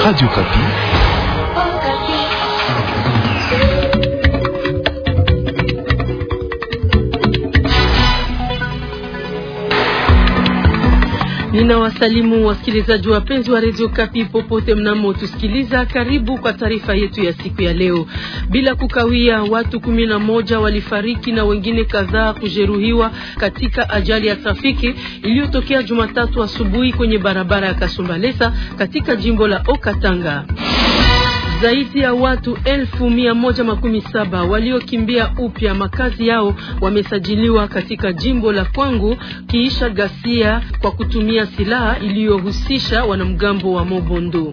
Radio Okapi. Ninawasalimu wasikilizaji wapenzi wa redio Kapi popote mnamotusikiliza, karibu kwa taarifa yetu ya siku ya leo. Bila kukawia, watu kumi na moja walifariki na wengine kadhaa kujeruhiwa katika ajali ya trafiki iliyotokea Jumatatu asubuhi kwenye barabara ya Kasumbalesa katika jimbo la Okatanga. Zaidi ya watu elfu mia moja makumi saba waliokimbia upya makazi yao wamesajiliwa katika jimbo la Kwangu kiisha ghasia kwa kutumia silaha iliyohusisha wanamgambo wa Mobondo.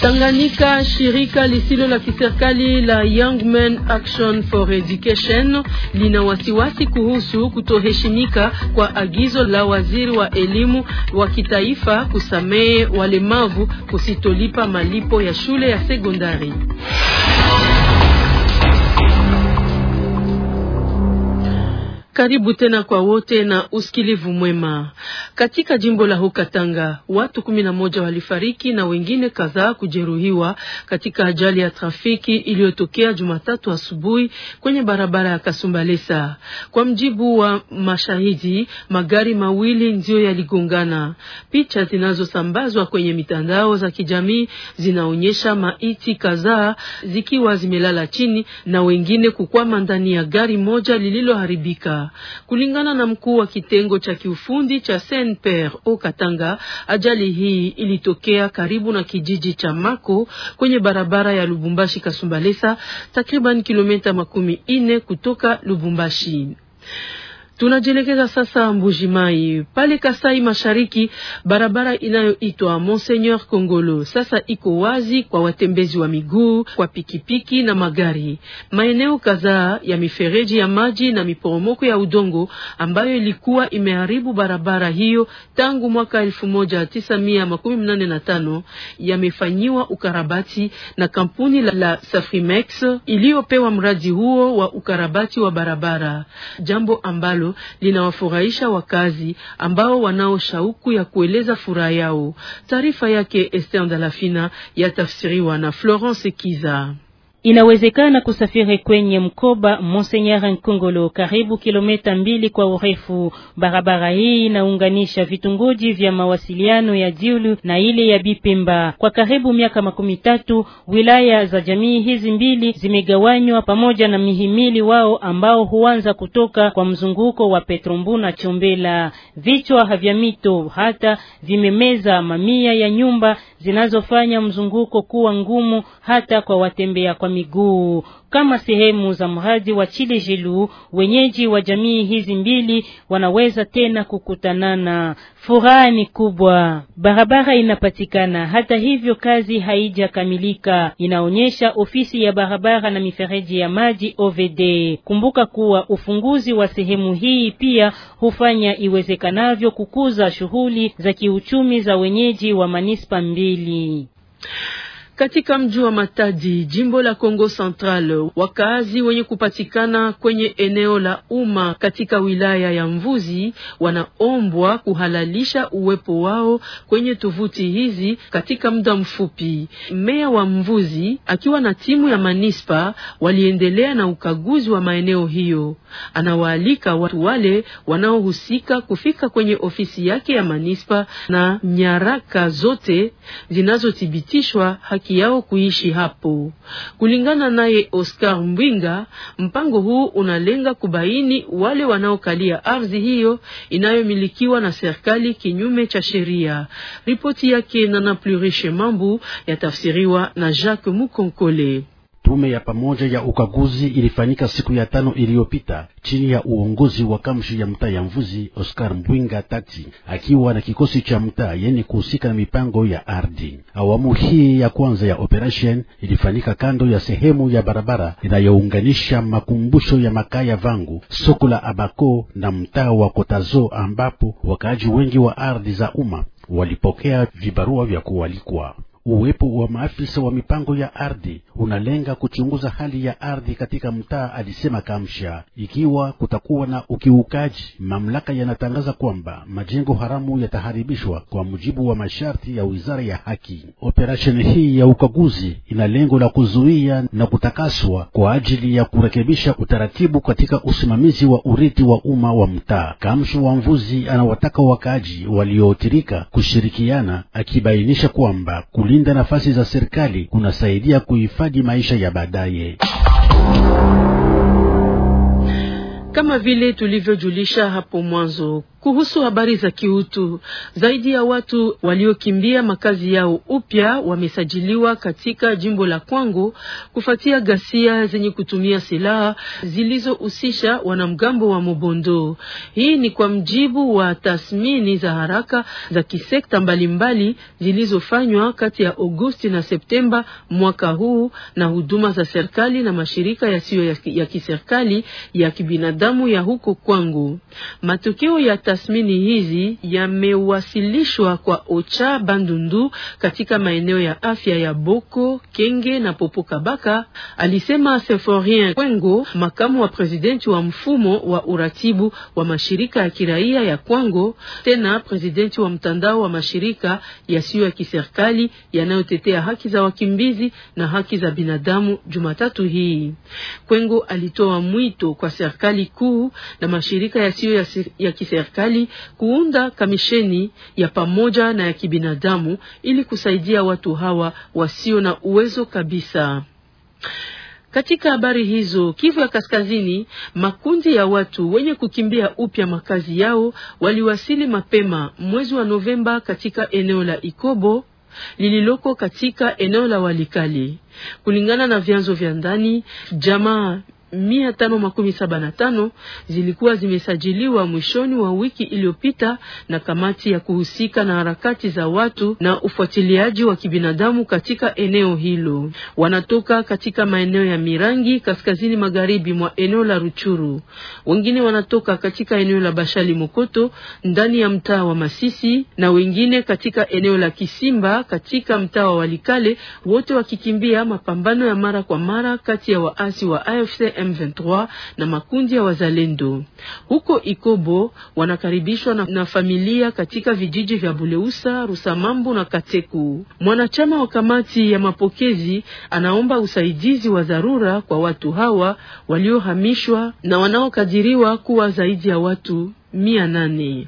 Tanganyika, shirika lisilo la kiserikali la Young Men Action for Education lina wasiwasi kuhusu kutoheshimika kwa agizo la waziri wa elimu wa kitaifa kusamehe walemavu kusitolipa malipo ya shule ya sekondari. Karibu tena kwa wote na usikilivu mwema. Katika jimbo la hukatanga watu kumi na moja walifariki na wengine kadhaa kujeruhiwa katika ajali ya trafiki iliyotokea Jumatatu asubuhi kwenye barabara ya Kasumbalesa. Kwa mjibu wa mashahidi, magari mawili ndiyo yaligongana. Picha zinazosambazwa kwenye mitandao za kijamii zinaonyesha maiti kadhaa zikiwa zimelala chini na wengine kukwama ndani ya gari moja lililoharibika. Kulingana na mkuu wa kitengo cha kiufundi cha SNPR o Katanga, ajali hii ilitokea karibu na kijiji cha Mako kwenye barabara ya Lubumbashi Kasumbalesa, takriban kilomita makumi ine kutoka Lubumbashi. Tunajielekeza sasa Mbujimai pale Kasai Mashariki, barabara inayoitwa Monseigneur Kongolo sasa iko wazi kwa watembezi wa miguu, kwa pikipiki na magari. Maeneo kadhaa ya mifereji ya maji na miporomoko ya udongo ambayo ilikuwa imeharibu barabara hiyo tangu mwaka 1985 yamefanyiwa ukarabati na kampuni la, la Safrimex iliyopewa mradi huo wa ukarabati wa barabara, jambo ambalo linawafurahisha wakazi ambao wanao shauku ya kueleza furaha yao. Taarifa yake Esther Ndalafina yatafsiriwa na Florence Kiza. Inawezekana kusafiri kwenye mkoba Monseigneur Nkongolo karibu kilomita mbili kwa urefu. Barabara hii inaunganisha vitongoji vya mawasiliano ya julu na ile ya Bipemba. Kwa karibu miaka makumi tatu, wilaya za jamii hizi mbili zimegawanywa pamoja na mihimili wao ambao huanza kutoka kwa mzunguko wa Petrombu na Chombela. Vichwa vya mito hata vimemeza mamia ya nyumba zinazofanya mzunguko kuwa ngumu hata kwa watembea kwa miguu kama sehemu za mradi wa Jelu. Wenyeji wa jamii hizi mbili wanaweza tena kukutanana. Furaha ni kubwa, barabara inapatikana. Hata hivyo, kazi haijakamilika, inaonyesha ofisi ya barabara na mifereji ya maji OVD. Kumbuka kuwa ufunguzi wa sehemu hii pia hufanya iwezekanavyo kukuza shughuli za kiuchumi za wenyeji wa manispa mbili. Katika mji wa Matadi, jimbo la Kongo Central, wakazi wenye kupatikana kwenye eneo la umma katika wilaya ya Mvuzi wanaombwa kuhalalisha uwepo wao kwenye tovuti hizi katika muda mfupi. Meya wa Mvuzi akiwa na timu ya manispa waliendelea na ukaguzi wa maeneo hiyo. Anawaalika watu wale wanaohusika kufika kwenye ofisi yake ya manispa na nyaraka zote zinazothibitishwa haki haki yao kuishi hapo. Kulingana naye Oscar Mbwinga, mpango huu unalenga kubaini wale wanaokalia ardhi hiyo inayomilikiwa na serikali kinyume cha sheria. Ripoti yake Nana Pluriche Mambu yatafsiriwa na Jacques Mukonkole. Tume ya pamoja ya ukaguzi ilifanyika siku ya tano iliyopita chini ya uongozi wa kamshi ya mtaa ya Mvuzi Oscar Mbwinga Tati akiwa na kikosi cha mtaa yenye kuhusika na mipango ya ardhi. Awamu hii ya kwanza ya operation ilifanyika kando ya sehemu ya barabara inayounganisha makumbusho ya Makaya Vangu, soko la Abako na mtaa wa Kotazo, ambapo wakaaji wengi wa ardhi za umma walipokea vibarua vya kualikwa. Uwepo wa maafisa wa mipango ya ardhi unalenga kuchunguza hali ya ardhi katika mtaa, alisema Kamsha. Ikiwa kutakuwa na ukiukaji, mamlaka yanatangaza kwamba majengo haramu yataharibishwa kwa mujibu wa masharti ya wizara ya haki. Operesheni hii ya ukaguzi ina lengo la kuzuia na kutakaswa kwa ajili ya kurekebisha utaratibu katika usimamizi wa urithi wa umma wa mtaa. Kamsha wa Mvuzi anawataka wakaaji walioathirika kushirikiana, akibainisha kwamba kulinda nafasi za serikali kunasaidia kuhifadhi maisha ya baadaye. Kama vile tulivyojulisha hapo mwanzo, kuhusu habari za kiutu, zaidi ya watu waliokimbia makazi yao upya wamesajiliwa katika jimbo la Kwango kufuatia ghasia zenye kutumia silaha zilizohusisha wanamgambo wa Mobondo. Hii ni kwa mjibu wa tathmini za haraka za kisekta mbalimbali zilizofanywa kati ya Agosti na Septemba mwaka huu na huduma za serikali na mashirika yasiyo ya kiserikali ya kibinadamu ya huko Kwango. Matokeo ya tathmini hizi yamewasilishwa kwa Ocha Bandundu katika maeneo ya afya ya Boko, Kenge na Popo Kabaka, alisema Seforien Kwengo, makamu wa presidenti wa mfumo wa uratibu wa mashirika ya kiraia ya Kwango, tena presidenti wa mtandao wa mashirika yasiyo ya kiserikali yanayotetea haki za wakimbizi na haki za binadamu Jumatatu hii. Kwengo alitoa mwito kwa serikali kuu na mashirika yasiyo ya, ya kiserikali serikali kuunda kamisheni ya pamoja na ya kibinadamu ili kusaidia watu hawa wasio na uwezo kabisa. Katika habari hizo, Kivu ya Kaskazini, makundi ya watu wenye kukimbia upya makazi yao waliwasili mapema mwezi wa Novemba katika eneo la Ikobo lililoko katika eneo la Walikali. Kulingana na vyanzo vya ndani, jamaa mia tano makumi saba na tano zilikuwa zimesajiliwa mwishoni wa wiki iliyopita na kamati ya kuhusika na harakati za watu na ufuatiliaji wa kibinadamu katika eneo hilo. Wanatoka katika maeneo ya Mirangi kaskazini magharibi mwa eneo la Ruchuru. Wengine wanatoka katika eneo la Bashali Mokoto ndani ya mtaa wa Masisi na wengine katika eneo la Kisimba katika mtaa wa Walikale, wote wakikimbia mapambano ya mara kwa mara kati ya waasi wa AFC M23 na makundi ya wazalendo. Huko Ikobo wanakaribishwa na, na familia katika vijiji vya Buleusa, Rusamambu na Kateku. Mwanachama wa kamati ya mapokezi anaomba usaidizi wa dharura kwa watu hawa waliohamishwa na wanaokadiriwa kuwa zaidi ya watu mia nane.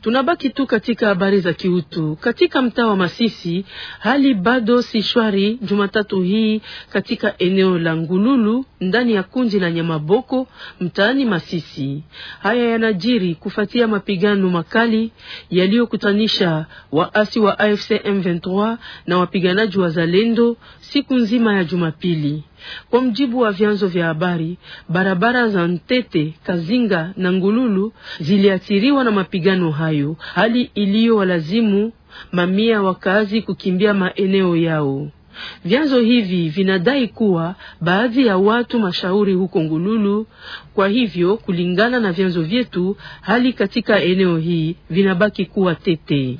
Tunabaki tu katika habari za kiutu. Katika mtaa wa Masisi hali bado si shwari Jumatatu hii katika eneo la Ngululu ndani ya kundi la Nyamaboko mtaani Masisi. Haya yanajiri kufuatia mapigano makali yaliyokutanisha waasi wa AFC M23 na wapiganaji wa Zalendo siku nzima ya Jumapili. Kwa mjibu wa vyanzo vya habari, barabara za Ntete, Kazinga na Ngululu ziliathiriwa na mapigano hayo, hali iliyowalazimu mamia wakazi kukimbia maeneo yao. Vyanzo hivi vinadai kuwa baadhi ya watu mashauri huko Ngululu. Kwa hivyo, kulingana na vyanzo vyetu, hali katika eneo hii vinabaki kuwa tete.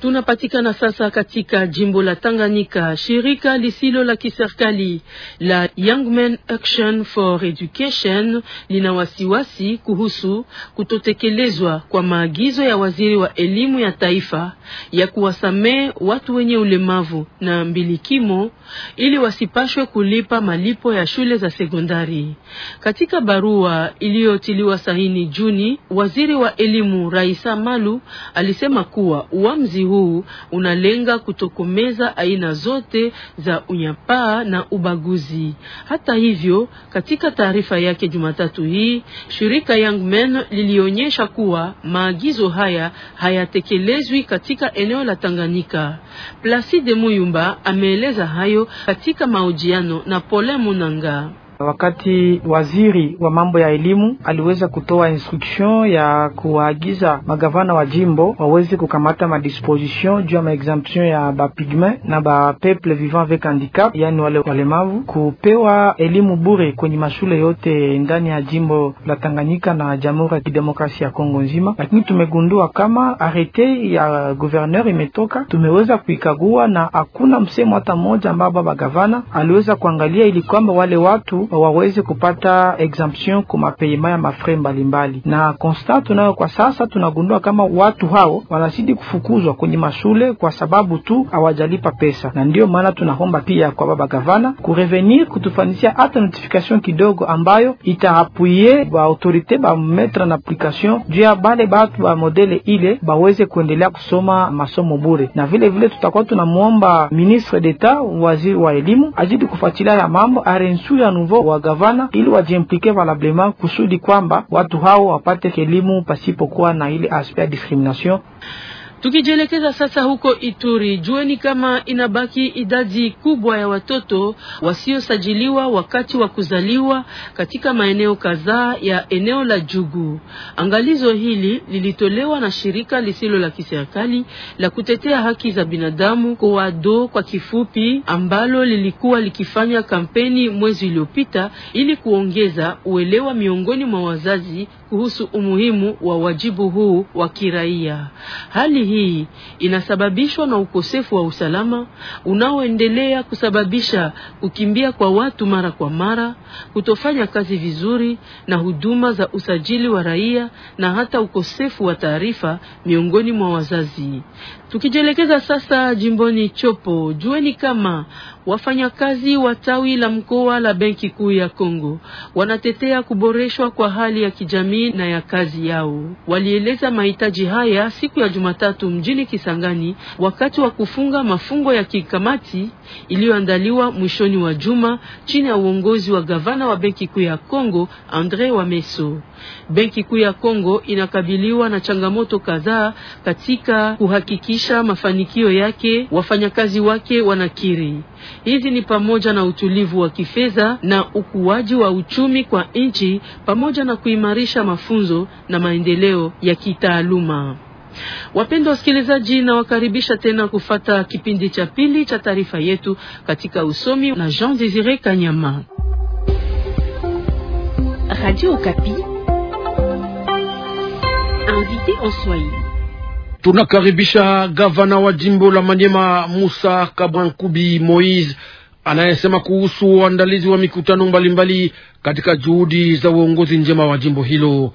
Tunapatikana sasa katika jimbo la Tanganyika. Shirika lisilo la kiserikali la Young Men Action for Education lina wasiwasi kuhusu kutotekelezwa kwa maagizo ya waziri wa elimu ya taifa ya kuwasamehe watu wenye ulemavu na mbilikimo ili wasipashwe kulipa malipo ya shule za sekondari. Katika barua iliyotiliwa sahini Juni, waziri wa elimu Raisa Malu alisema kuwa uamuzi huu unalenga kutokomeza aina zote za unyapaa na ubaguzi. Hata hivyo, katika taarifa yake Jumatatu hii, shirika Young Men lilionyesha kuwa maagizo haya hayatekelezwi katika eneo la Tanganyika. Placide Muyumba ameeleza hayo katika mahojiano na Pole Munanga. Wakati waziri wa mambo ya elimu aliweza kutoa instruction ya kuwaagiza magavana wa jimbo waweze kukamata madisposition juu ya maexemption ya bapigme na bapeple vivant avec handicap, yani wale walemavu kupewa elimu bure kwenye mashule yote ndani ya jimbo la Tanganyika na Jamhuri ya Kidemokrasia ya Kongo nzima. Lakini tumegundua kama arete ya guverneur imetoka, tumeweza kuikagua na hakuna msemo hata mmoja ambao baba gavana aliweza kuangalia ili kwamba wale watu Eh, waweze kupata exemption kwa mapeyema ya mafre mbalimbali. Na konsta tunayo kwa sasa, tunagundua kama watu hao wanazidi kufukuzwa kwenye mashule kwa sababu tu hawajalipa pesa, na ndiyo maana tunaomba pia kwa baba gavana kurevenir kutufanisia hata notification kidogo ambayo itaapuye ba autorite ba mettre en application juu ya bale batu ba modele ile baweze kuendelea kusoma masomo bure, na vile vile tutakuwa tunamwomba ministre d'etat, waziri wa elimu, azidi kufuatilia ya mambo arensu ya nouveau wao wa gavana ili wajiimplike valablement kusudi kwamba watu hao wapate elimu pasipokuwa na ile aspect ya discrimination. Tukijielekeza sasa huko Ituri, jueni kama inabaki idadi kubwa ya watoto wasiosajiliwa wakati wa kuzaliwa katika maeneo kadhaa ya eneo la Jugu. Angalizo hili lilitolewa na shirika lisilo la kiserikali la kutetea haki za binadamu Koado kwa kifupi, ambalo lilikuwa likifanya kampeni mwezi uliopita ili kuongeza uelewa miongoni mwa wazazi kuhusu umuhimu wa wajibu huu wa kiraia. Hali hii inasababishwa na ukosefu wa usalama unaoendelea kusababisha kukimbia kwa watu mara kwa mara, kutofanya kazi vizuri na huduma za usajili wa raia na hata ukosefu wa taarifa miongoni mwa wazazi. Tukijielekeza sasa jimboni Chopo, jueni kama wafanyakazi wa tawi la mkoa la Benki Kuu ya Kongo wanatetea kuboreshwa kwa hali ya kijamii na ya kazi yao. Walieleza mahitaji haya siku ya Jumatatu mjini Kisangani wakati wa kufunga mafungo ya kikamati iliyoandaliwa mwishoni wa juma chini ya uongozi wa gavana wa Benki Kuu ya Kongo Andre Wameso. Benki Kuu ya Kongo inakabiliwa na changamoto kadhaa katika kuhakikisha kuhakikisha mafanikio yake, wafanyakazi wake wanakiri. Hizi ni pamoja na utulivu wa kifedha na ukuaji wa uchumi kwa nchi pamoja na kuimarisha mafunzo na maendeleo ya kitaaluma. Wapendwa wasikilizaji, nawakaribisha tena kufata kipindi cha pili cha taarifa yetu katika usomi na Jean Desire Kanyama. Radio Okapi. Invité en Swahili. Tunakaribisha gavana wa jimbo la Manyema Musa Kabwankubi Moise anayesema kuhusu uandalizi wa mikutano mbalimbali mbali katika juhudi za uongozi njema wa jimbo hilo.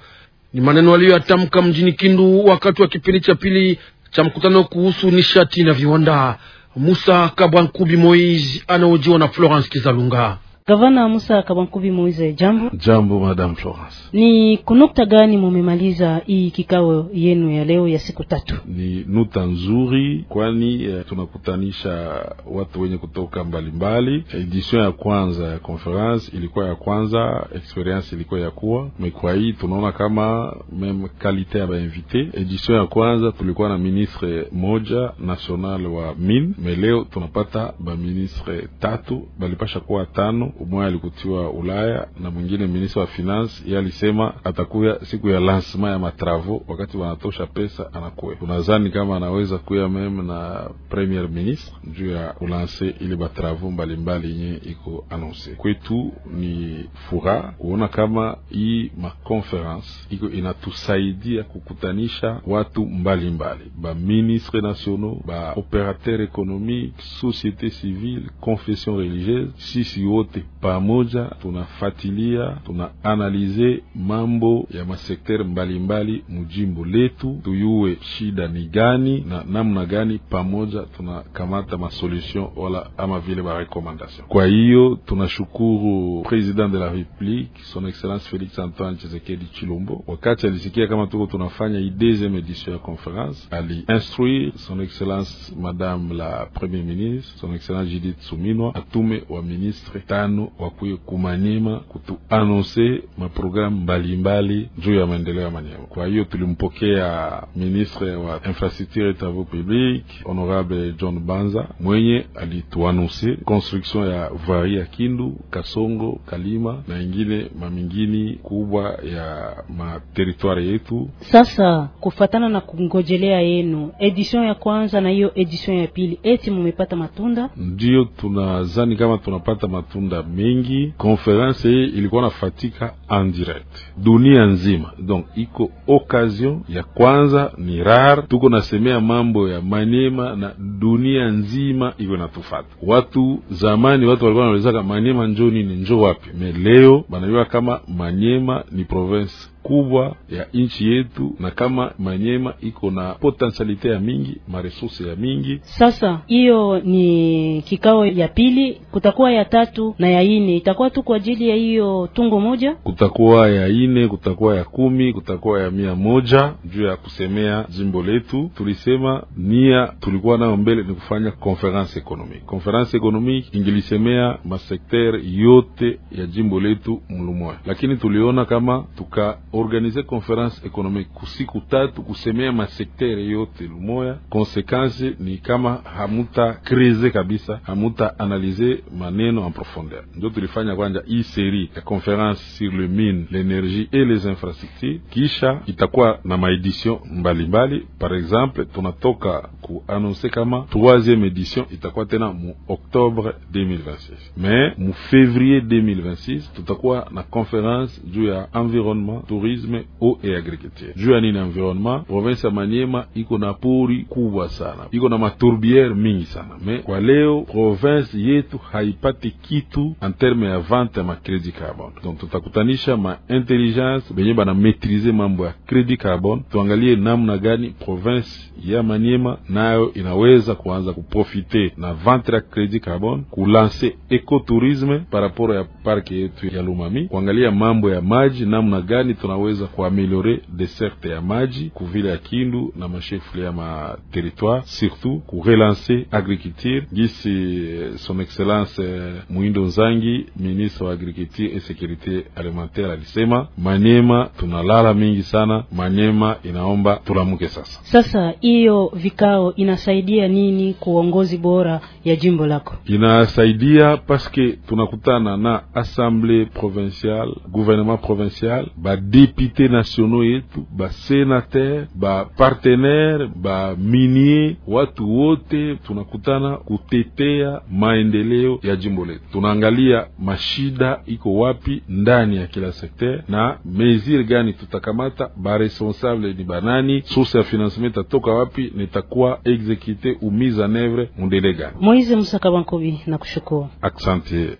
Ni maneno aliyoyatamka mjini Kindu wakati wa kipindi cha pili cha mkutano kuhusu nishati na viwanda. Musa Kabwankubi Moise anaojiwa na Florence Kizalunga. Gavana Musa Kabankubi Moise, jambo. Jambo madam Florence. Ni kunukta gani mumemaliza hii kikao yenu ya leo ya siku tatu? Ni nuta nzuri, kwani eh, tunakutanisha watu wenye kutoka mbalimbali. Edition ya kwanza ya conference ilikuwa ya kwanza, experience ilikuwa ya kuwa mekwa hii, tunaona kama meme kalite ya bainvite. Edition ya kwanza tulikuwa na ministre moja national wa min me leo tunapata baministre tatu balipasha kuwa tano umoya alikutiwa Ulaya na mwingine ministre wa finance, ye alisema atakuya siku ya lancement ya matravo, wakati wanatosha pesa anakuya. Tunazani kama anaweza kuya meme na premier ministre juu ya kulanse ile matravo mbalimbali yenye iko anonse kwetu. Ni fura kuona kama hii maconference iko inatusaidia kukutanisha watu mbalimbali, baministre nationaux, baoperateur économique, société civile, confession religieuse, sisi wote pamoja tunafatilia tunaanalize mambo ya masekter mbalimbali mujimbo letu, tuyue shida ni gani na namna gani, pamoja tunakamata masolution wala ama vile ba recommandation. Kwa hiyo tunashukuru President de la Republique Son Excellence Felix Antoine Tshisekedi Chilombo, wakati alisikia kama tuko tunafanya deuxième edition ya conference, aliinstruire Son Excellence Madame la Premier Ministre, Son Excellence Judith Suminwa, atume wa ministre tano mkutano wakuye kumanyema kutuanonse maprogramu mbalimbali juu ya maendeleo ya Manyema. Kwa hiyo tulimpokea ministre wa infrastructure et travaux publics honorable John Banza mwenye alituanonse construction ya vari ya Kindu, Kasongo, Kalima na ingine mamingini kubwa ya materitware yetu. Sasa kufatana na kungojelea yenu edition ya kwanza na hiyo edition ya pili, eti mumepata matunda? Ndiyo tunazani kama tunapata matunda mengi. Konferense hii ilikuwa nafatika fatika en direct dunia nzima. Donc iko occasion ya kwanza, ni rare tuko nasemea mambo ya Maniema na dunia nzima iko natufata. Watu zamani, watu walikuwa wanaulizaka Maniema njo nini, njo wapi? Me leo banajua kama Maniema ni province kubwa ya nchi yetu na kama Manyema iko na potentialite ya mingi maresurse ya mingi. Sasa hiyo ni kikao ya pili, kutakuwa ya tatu na ya ine itakuwa tu kwa ajili ya hiyo tungo moja Kuta kutakuwa ya ine, kutakuwa ya kumi, kutakuwa ya mia moja juu ya kusemea jimbo letu. Tulisema nia tulikuwa nayo mbele ni kufanya conference economique. Conference economique ingilisemea masekter yote ya jimbo letu mlumoya, lakini tuliona kama tukaorganize conference economique kusiku tatu kusemea masekter yote lumoya, konsekansi ni kama hamuta krize kabisa, hamuta analize maneno en profondeur. Ndio tulifanya kwanja hii seri ya conference sur le le mine, l'énergie et les infrastructures, kisha itakuwa na édition mbalimbali. Par exemple, tunatoka annoncer kama troisième édition itakuwa tena mu octobre 2026, mais mu février 2026 tutakuwa na conférence juu ya environnement, tourisme, eau et agriculture. Juu ya nini environnement? Province ya Maniema iko na pori kubwa sana, iko na maturbiere mingi sana, Mais, kwa leo province yetu haipati kitu en terme de vente ya crédit carbone, donc tutakutani kuunganisha intelligence benye bana metrize mambo ya credit carbone, tuangalie namna gani province ya Maniema nayo inaweza kuanza kuprofite na ventre ya credit carbone, kulanse ecotourisme par paraporo ya parke yetu ya Lumami, kuangalia mambo ya maji, namna gani tunaweza kuameliore deserte ya maji kuvile ya Kindu na mashefle ya materitoire, surtout kurelanse agriculture gisi eh, son excellence eh, Muindo Nzangi, ministre wa agriculture et sécurité alimentaire guvernateur alisema Manyema tunalala mingi sana, Manyema inaomba tulamuke sasa. Sasa hiyo vikao inasaidia nini kwa uongozi bora ya jimbo lako? Inasaidia paske tunakutana na assemble provinciale, gouvernement provincial, ba député nationaux yetu, ba senater, ba partenaire, ba minier, watu wote tunakutana kutetea maendeleo ya jimbo letu. Tunaangalia mashida iko wapi ndani ya kila sekter na mezire gani tutakamata, baresponsable ni banani, source ya financement tatoka wapi, nitakuwa exekite u mise en oeuvre mundele gani. Moise Musaka Bankobi, nakushukuru. aksante.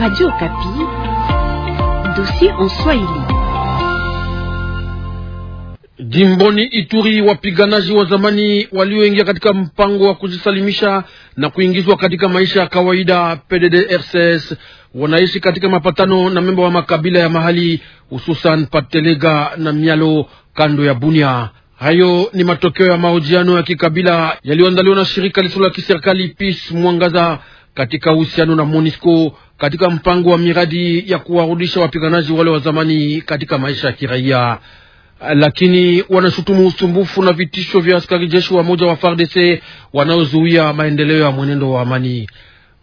Radio Kapi, dossier en Swahili. Jimboni Ituri, wapiganaji wa zamani walioingia katika mpango wa kujisalimisha na kuingizwa katika maisha ya kawaida PDDRCS wanaishi katika mapatano na memba wa makabila ya mahali hususan Patelega na Mialo kando ya Bunia. Hayo ni matokeo ya mahojiano ya kikabila yaliyoandaliwa na shirika lisilo la kiserikali Peace Mwangaza katika uhusiano na Monisco katika mpango wa miradi ya kuwarudisha wapiganaji wale wa zamani katika maisha ya kiraia lakini wanashutumu usumbufu na vitisho vya askari jeshi wa moja wa FARDC wanaozuia maendeleo ya mwenendo wa amani.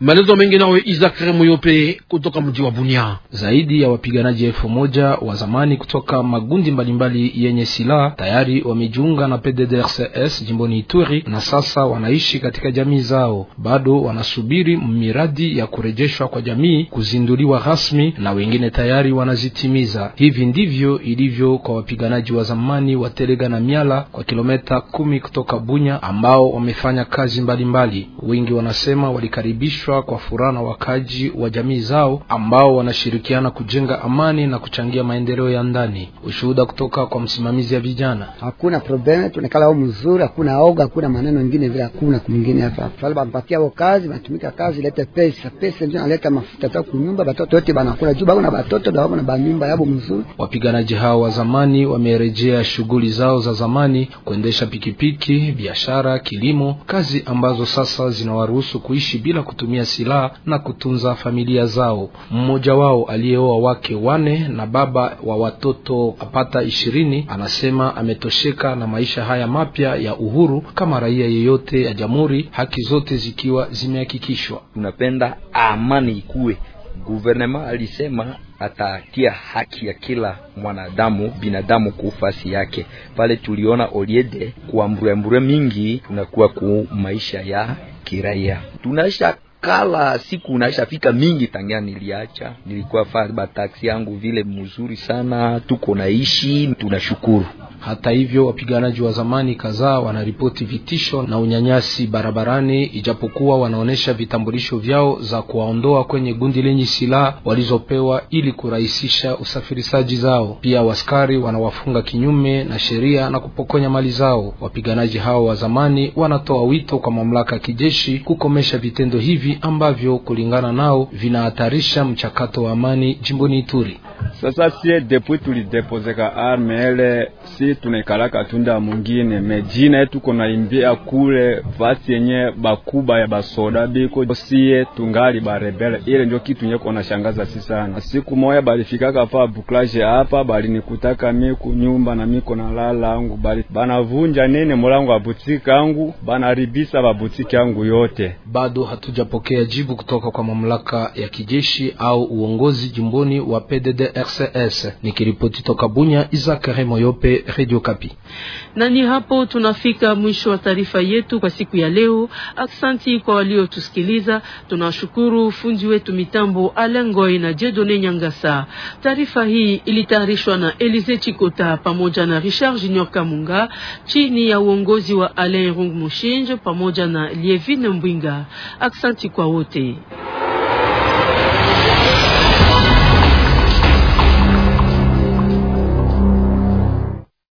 Maelezo mengi nawe Isaac Remuyope kutoka mji wa Bunia. Zaidi ya wapiganaji elfu moja wa zamani kutoka magundi mbalimbali mbali yenye silaha tayari wamejiunga na PDDRCS jimboni Ituri na sasa wanaishi katika jamii zao. Bado wanasubiri miradi ya kurejeshwa kwa jamii kuzinduliwa rasmi na wengine tayari wanazitimiza. Hivi ndivyo ilivyo kwa wapiganaji wa zamani wa Telega na Miala kwa kilometa kumi kutoka Bunya ambao wamefanya kazi mbalimbali mbali. Wengi wanasema walikaribishwa kukaribishwa kwa furaha na wakaji wa jamii zao ambao wanashirikiana kujenga amani na kuchangia maendeleo ya ndani. Ushuhuda kutoka kwa msimamizi ya vijana: hakuna probleme, tunakala ao mzuri, hakuna oga, hakuna maneno mengine vile, hakuna kumingine hapa pale. bampatia wao kazi, banatumika kazi, leta pesa, pesa ndio naleta mafuta kwa kunyumba, watoto wote banakula juu, watoto na bako na banyumba yabo mzuri. Wapiganaji hao wa zamani wamerejea shughuli zao za zamani, kuendesha pikipiki, biashara, kilimo, kazi ambazo sasa zinawaruhusu kuishi bila kutumia kutumia silaha na kutunza familia zao. Mmoja wao aliyeoa wake wane na baba wa watoto apata ishirini anasema ametosheka na maisha haya mapya ya uhuru kama raia yeyote ya jamhuri, haki zote zikiwa zimehakikishwa. Tunapenda amani ikuwe. Guvernema alisema atatia haki ya kila mwanadamu binadamu fasi yake. Pale tuliona oliede kuamburamburwe mingi tunakuwa ku maisha ya kiraia tunaisha kala siku unaisha fika mingi, tangia niliacha nilikuwa fa bataksi yangu vile mzuri sana, tuko naishi, tunashukuru hata hivyo, wapiganaji wa zamani kadhaa wanaripoti vitisho na unyanyasi barabarani, ijapokuwa wanaonyesha vitambulisho vyao za kuwaondoa kwenye gundi lenye silaha walizopewa ili kurahisisha usafirishaji zao. Pia waskari wanawafunga kinyume na sheria na kupokonya mali zao. Wapiganaji hao wa zamani wanatoa wito kwa mamlaka ya kijeshi kukomesha vitendo hivi ambavyo kulingana nao vinahatarisha mchakato wa amani jimboni Ituri. Sasa sie depuis tulidepose ka armele si fasi tunaikalaka tunda mungine mejina yetu imbia kule fasi yenye bakuba ya basoda biko sie tungali barebele. Ile ndio kitu nye konashangaza si sana. Siku moya balifikaka pa buklaje hapa balinikutaka miku nyumba na miko na lala angu bali banavunja nene mulango wa butiki angu banaribisa butiki angu yote. Bado hatujapokea jibu kutoka kwa mamlaka ya kijeshi au uongozi jimboni wa PDDRCS. Nikiripoti toka Bunya, Isaac Remoyope. Radio Kapi. ni hapo tunafika mwisho wa taarifa yetu kwa siku ya leo. Aksanti kwa waliotusikiliza. Tunashukuru fundi wetu mitambo Alengoi na Jedone Nyangasa. Taarifa hii ilitayarishwa na Elize Chikota pamoja na Richard Junior Kamunga chini ya uongozi wa Alain Rung Mushinje pamoja na Lievine Mbwinga. Aksanti kwa wote.